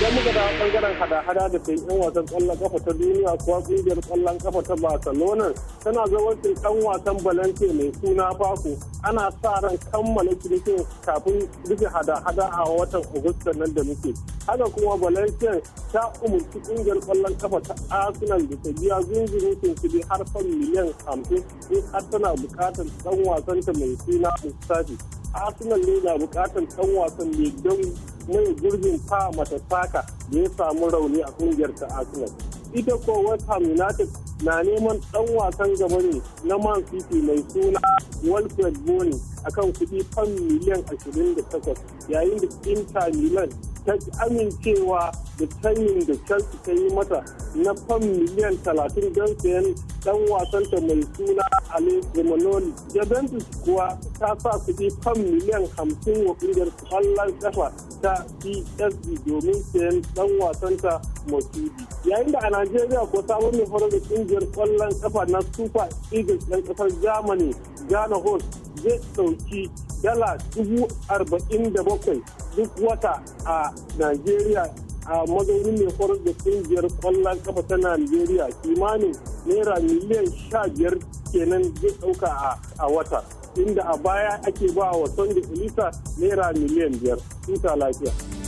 idan muka da bangaren hada-hada da ta yan wasan kwallon kafa ta duniya kuwa kungiyar kwallon kafa ta barcelona tana zawancin kan wasan balance mai suna fako ana sa ran kammala cinikin kafin rufe hada-hada a watan agusta nan da muke haka kuma valencia ta umarci kungiyar kwallon kafa ta arsenal da ta biya zunzurin sun har fan miliyan hamsin in har tana bukatar dan wasanta mai suna mustafi arsenal ne na bukatar dan wasan mai don mai gurbin ta mata saka da ya samu rauni a kungiyar ta Arsenal. Ita ko West Ham United na neman dan wasan gaba ne na Man City mai suna Wilfred Boni akan kuɗi fan miliyan 28 yayin da Inter Milan ta amincewa da tayin da Chelsea ta yi mata na fam miliyan 30 don sayan dan wasanta mai suna Ale Romanoli. Juventus kuwa ta sa kuɗi fam miliyan 50 wa ƙungiyar kwallon kafa ta PSG domin sayan dan wasanta masudi. Yayin da a Najeriya kuwa sabon mai horar da ƙungiyar kwallon ƙafa na Super Eagles ɗan ƙasar Germany Ghana Host zai ɗauki dala dubu arba'in da bakwai duk wata a Najeriya a mazaunin mai horar da kungiyar kwallon kafa ta Najeriya kimanin naira miliyan sha biyar kenan zai ɗauka a wata inda a baya ake ba wa Sunday Elisa naira miliyan biyar. Tuta lafiya.